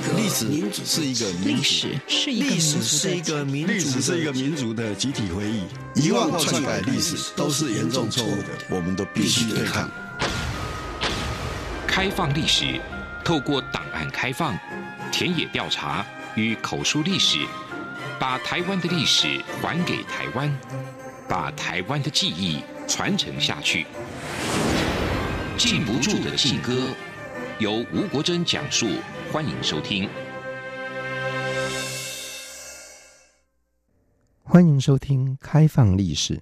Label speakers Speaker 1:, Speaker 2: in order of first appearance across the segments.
Speaker 1: 歷史是一個民族，歷史、史、史、史是一個民族的集體回憶。一萬號篡改歷史都是嚴重錯誤的，我們都必須對抗。開放歷史，透過檔案開放、田野調查與口述歷史，把台灣的歷史還給台灣，把台灣的記憶傳承下去。禁不住的禁歌，由吳國禎講述。歡迎收聽，歡迎收聽《開放歷史》。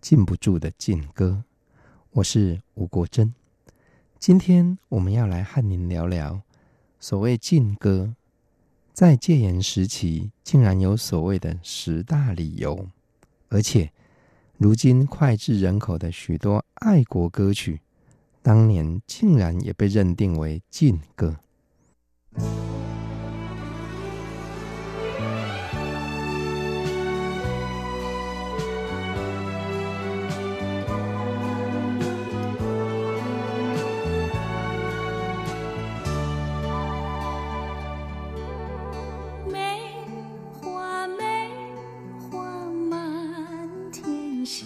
Speaker 1: 禁不住的禁歌，我是吳國珍。今天我們要來和您聊聊所謂禁歌。在戒嚴時期，竟然有所謂的十大理由，而且如今膾炙人口的許多愛國歌曲，當年竟然也被認定為禁歌。梅花，梅花滿天下。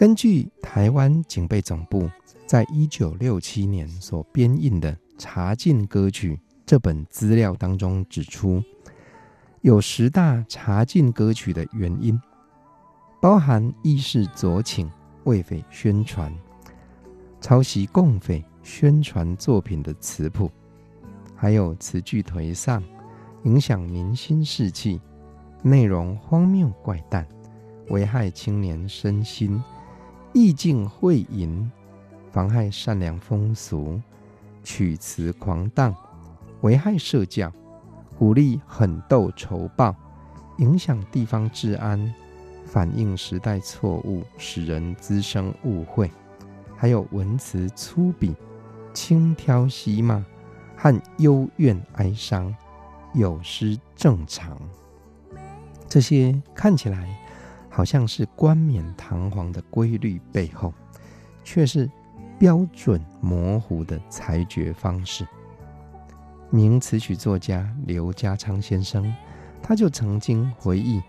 Speaker 1: 根據台灣警備總部在1967年所編印的《查禁歌曲》這本資料當中指出，有十大查禁歌曲的原因，包含意識左傾，為匪宣傳、抄襲共匪宣傳作品的詞譜，還有詞句頹喪、影響民心士氣、內容荒謬怪誕、危害青年身心。意境誨淫，妨害善良風俗；曲詞狂蕩，危害社教；鼓勵狠鬥仇報，影響地方治安；反映時代錯誤，使人滋生誤會。還有文詞粗鄙、輕佻嬉罵和幽怨哀傷，有失正常。這些看起來，好像是冠冕堂皇的規律，背後卻是標準模糊的裁決方式。名詞曲作家劉家昌先生，他就曾經回憶，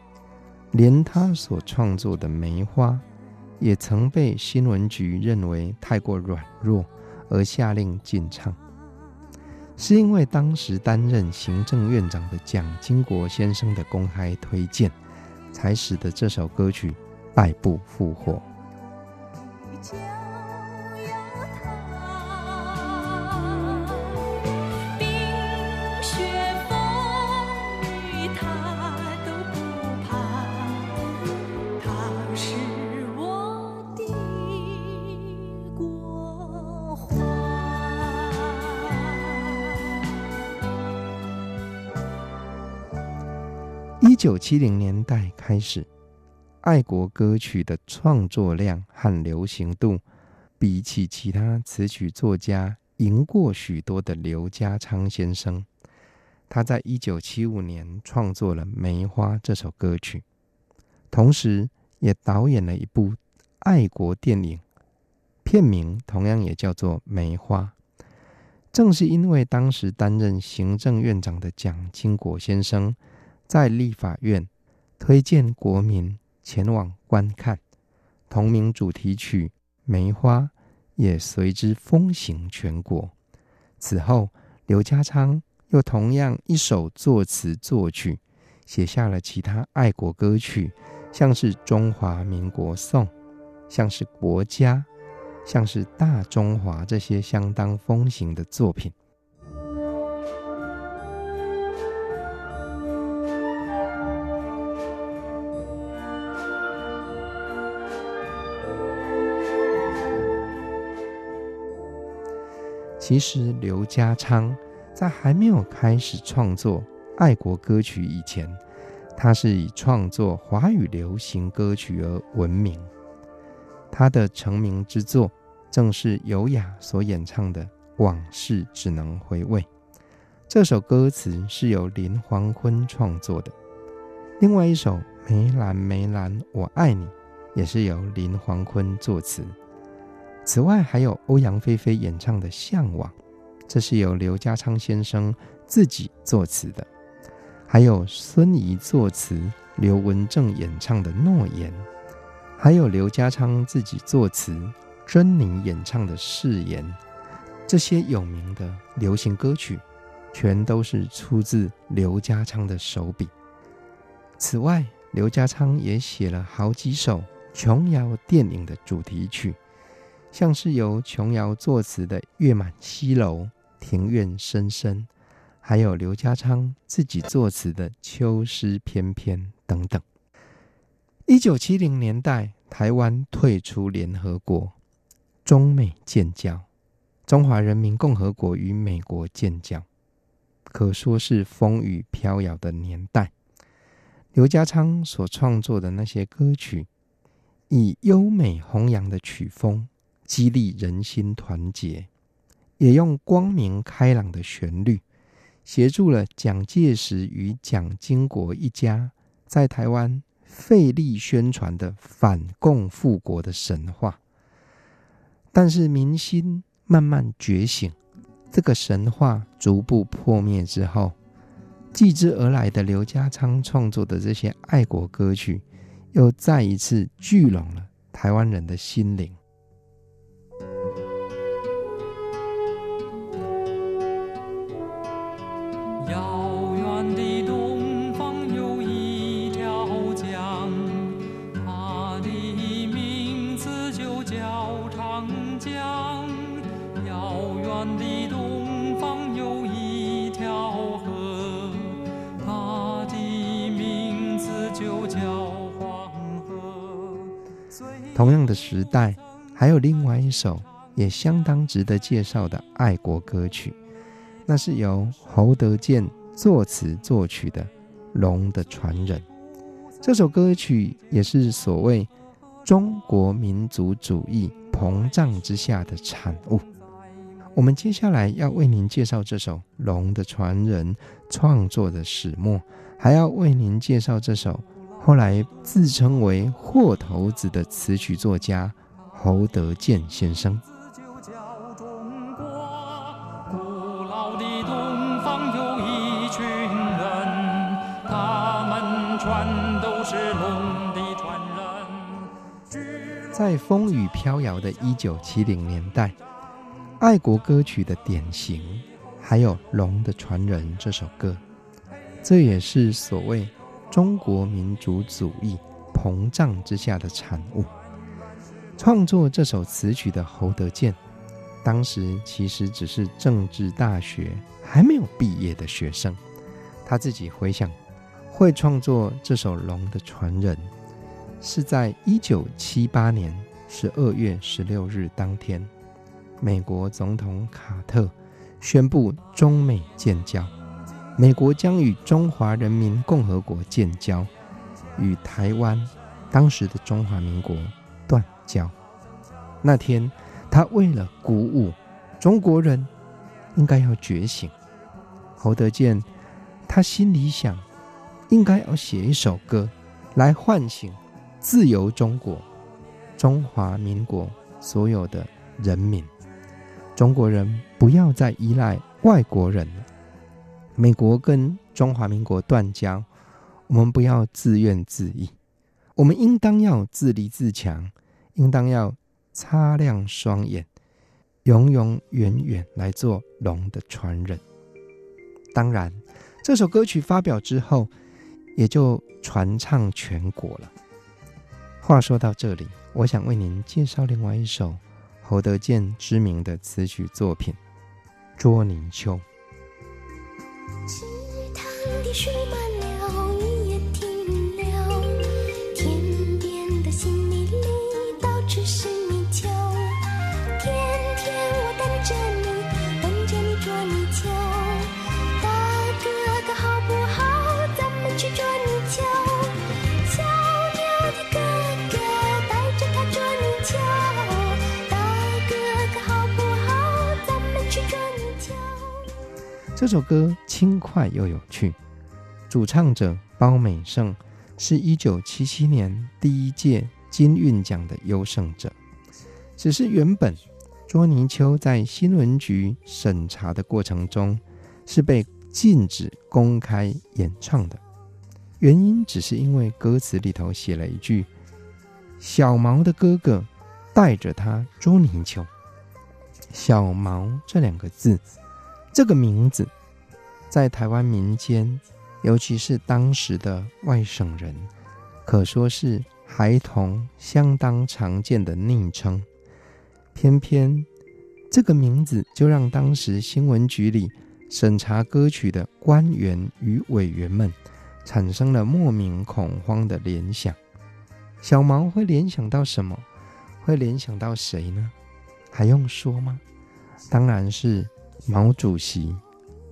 Speaker 1: 連他所創作的《梅花》，也曾被新聞局認為太過軟弱，而下令禁唱。是因為當時擔任行政院長的蔣經國先生的公開推薦，才使得這首歌曲敗部復活。九七零年代開始，愛國歌曲的創作量和流行度，比起其他詞曲作家贏過許多的劉家昌先生，他在一九七五年創作了《梅花》這首歌曲，同時也導演了一部愛國電影，片名同樣也叫做《梅花》。正是因為當時擔任行政院長的蔣經國先生。在立法院推薦國民前往觀看，同名主題曲《梅花》也隨之風行全國。此後，劉家昌又同樣一手作詞作曲，寫下了其他愛國歌曲，像是《中華民國頌》，像是《國家》，像是《大中華》這些相當風行的作品。其實，劉家昌在還沒有開始創作愛國歌曲以前，他是以創作華語流行歌曲而聞名。他的成名之作正是尤雅所演唱的《往事只能回味》。這首歌詞是由林煌坤創作的。另外一首《梅蘭梅蘭我愛你》也是由林煌坤作詞。此外，還有歐陽菲菲演唱的《嚮往》，這是由劉家昌先生自己作詞的；還有孫儀作詞、劉文正演唱的《諾言》，還有劉家昌自己作詞、甄妮演唱的《誓言》。這些有名的流行歌曲，全都是出自劉家昌的手筆。此外，劉家昌也寫了好幾首瓊瑤電影的主題曲。像是由瓊瑤作詞的《月滿西樓》，庭院深深；還有劉家昌自己作詞的《秋詩篇篇》等等。一九七零年代，台灣退出聯合國，中美建交，中華人民共和國與美國建交，可說是風雨飄搖的年代。劉家昌所創作的那些歌曲，以優美弘揚的曲風，激勵人心、團結，也用光明開朗的旋律，協助了蔣介石與蔣經國一家在台灣費力宣傳的反共復國的神話。但是民心慢慢覺醒，這個神話逐步破滅之後，繼之而來的劉家昌創作的這些愛國歌曲，又再一次聚攏了台灣人的心靈。同樣的時代，還有另外一首也相當值得介紹的愛國歌曲，那是由侯德健作詞作曲的《龍的傳人》。這首歌曲也是所謂中國民族主義膨脹之下的產物。我們接下來要為您介紹這首《龍的傳人》創作的始末，還要為您介紹這首。後來自稱為“禍頭子”的詞曲作家侯德健先生，在風雨飄搖的一九七零年代，愛國歌曲的典型，還有《龍的傳人》這首歌，這也是所謂。中國民族主義膨脹之下的產物。創作這首詞曲的侯德健，當時其實只是政治大學還沒有畢業的學生。他自己回想，會創作這首《龍的傳人》，是在一九七八年十二月十六日當天，美國總統卡特宣布中美建交。美國將與中華人民共和國建交，與台灣（當時的中華民國）斷交。那天，他為了鼓舞中國人，應該要覺醒。侯德健，他心裡想，應該要寫一首歌來喚醒自由中國、中華民國所有的人民。中國人不要再依賴外國人了。美國跟中華民國斷交，我們不要自怨自艾，我們應當要自立自強，應當要擦亮雙眼，永永遠遠來做龍的傳人。當然，這首歌曲發表之後，也就傳唱全國了。話說到這裡，我想為您介紹另外一首侯德健知名的詞曲作品《捉泥鰍》。池塘的水滿了。這首歌輕快又有趣，主唱者包美聖是一九七七年第一屆金韻獎的優勝者。只是原本捉泥鰍在新聞局審查的過程中是被禁止公開演唱的，原因只是因為歌詞裡頭寫了一句“小毛的哥哥帶着他捉泥鰍”，小毛這兩個字。這個名字在台灣民間，尤其是當時的外省人，可說是孩童相當常見的昵稱。偏偏這個名字就讓當時新聞局裡審查歌曲的官員與委員們產生了莫名恐慌的聯想。小毛會聯想到什麼？會聯想到誰呢？還用說嗎？當然是。毛主席，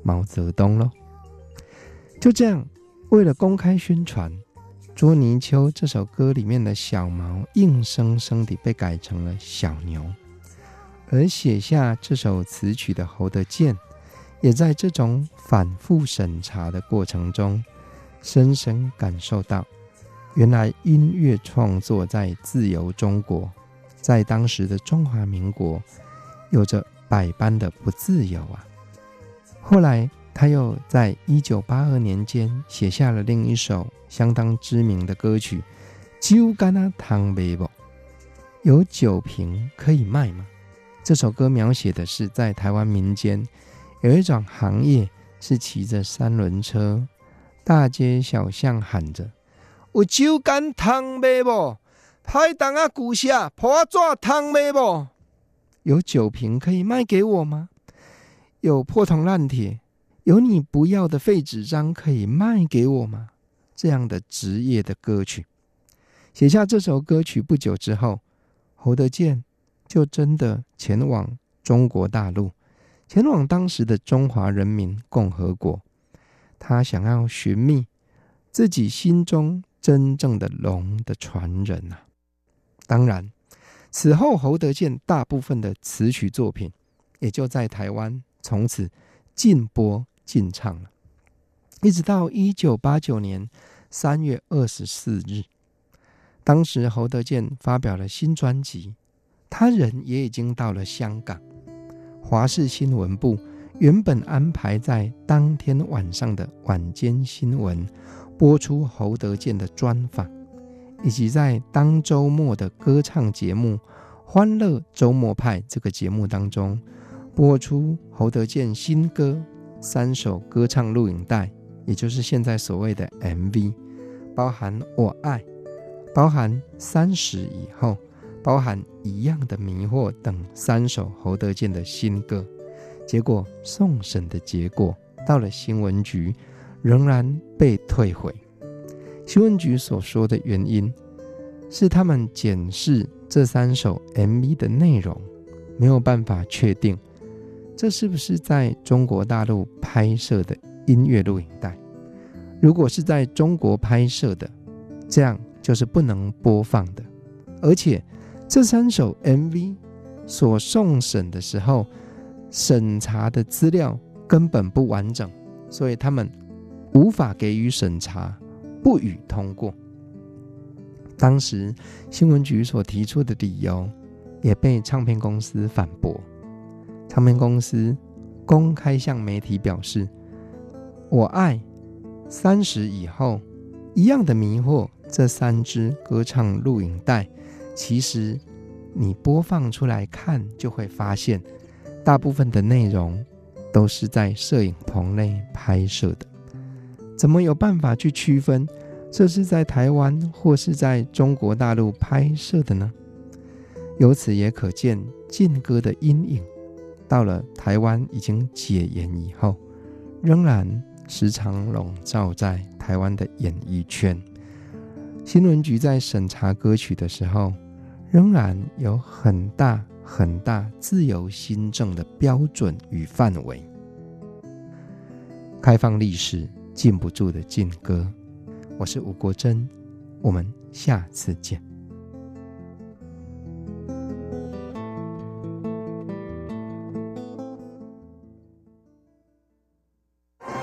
Speaker 1: 毛澤東咯，就這樣，為了公開宣傳《捉泥鰍》這首歌裡面的小毛，硬生生地被改成了小牛。而寫下這首詞曲的侯德健，也在這種反覆審查的過程中，深深感受到，原來音樂創作在自由中國，在當時的中華民國，有着。百般的不自由啊！後來，他又在一九八二年間寫下了另一首相當知名的歌曲《酒干啊倘賣無》，有酒瓶可以賣嗎？這首歌描寫的是在台灣民間有一種行業，是騎着三輪車，大街小巷喊着：“我酒干倘賣無，歹銅啊古錫，蚵仔倘賣無。”有酒瓶可以賣給我嗎？有破銅爛鐵，有你不要的廢紙張可以賣給我嗎？這樣的職業的歌曲，寫下這首歌曲不久之後，侯德健就真的前往中國大陸，前往當時的中華人民共和國，他想要尋覓自己心中真正的龍的傳人啊，當然。此後，侯德健大部分的詞曲作品也就在台灣，從此禁播禁唱了。一直到一九八九年三月二十四日，當時侯德健發表了新專輯，他人也已經到了香港。華視新聞部原本安排在當天晚上的晚間新聞播出侯德健的專訪。以及在當周末的歌唱節目《歡樂周末派》這個節目當中播出侯德健新歌三首歌唱錄影帶，也就是現在所謂的 MV，包含《我愛》，包含《三十以後》，包含《一樣的迷惑》等三首侯德健的新歌，結果送審的結果到了新聞局，仍然被退回。新聞局所說的原因是，他們檢視這三首 MV 的內容，沒有辦法確定這是不是在中國大陸拍攝的音樂錄影帶。如果是在中國拍攝的，這樣就是不能播放的。而且這三首 MV 所送審的時候，審查的資料根本不完整，所以他們無法給予審查。不予通過。當時新聞局所提出的理由也被唱片公司反駁。唱片公司公開向媒體表示：“我愛三十以後一樣的迷惑這三支歌唱錄影帶，其實你播放出來看就會發現，大部分的內容都是在攝影棚內拍攝的。”怎麼有辦法去區分這是在台灣或是在中國大陸拍攝的呢？由此也可見禁歌的陰影，到了台灣已經解嚴以後，仍然時常籠罩在台灣的演藝圈。新聞局在審查歌曲的時候，仍然有很大很大自由心證的標準與範圍，開放歷史。禁不住的禁歌，我是吳國楨，我們下次見。